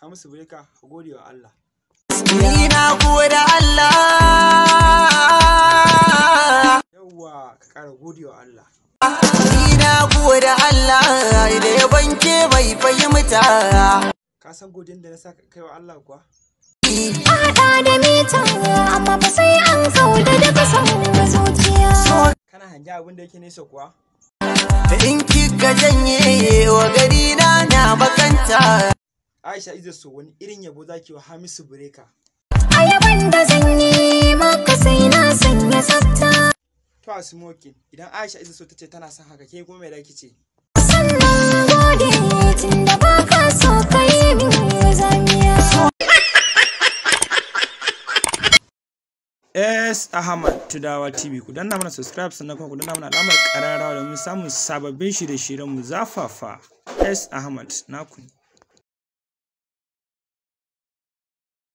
Hamisu Breka gode wa Allah. Ni na gode Allah. Yawwa ka kara gode wa Allah. Ni na gode Allah da ya banke bai fahimta. Ka san godin da na sa kai wa Allah kuwa? A da mita amma ba sai an kauda da basan zuciya. Kana hanja abin da yake nesa kuwa? In kika janye wa gari na na bakanta. Aisha Izaso wani irin yabo za zaki wa Hamisu Bureka. A yaban da zan yi maka sai na sanya tsafta. To a smoking idan Aisha Izaso ta ce tana son haka ke kuma mai da ce? Sannan gode tunda ba ka so ka yi min zamiya. S Ahmad Tudawa TV ku danna mana subscribe sannan kuma ku danna mana alamar ƙararrawa domin samun sababbin shirye-shiryen mu zafafa S Ahmad na kuni.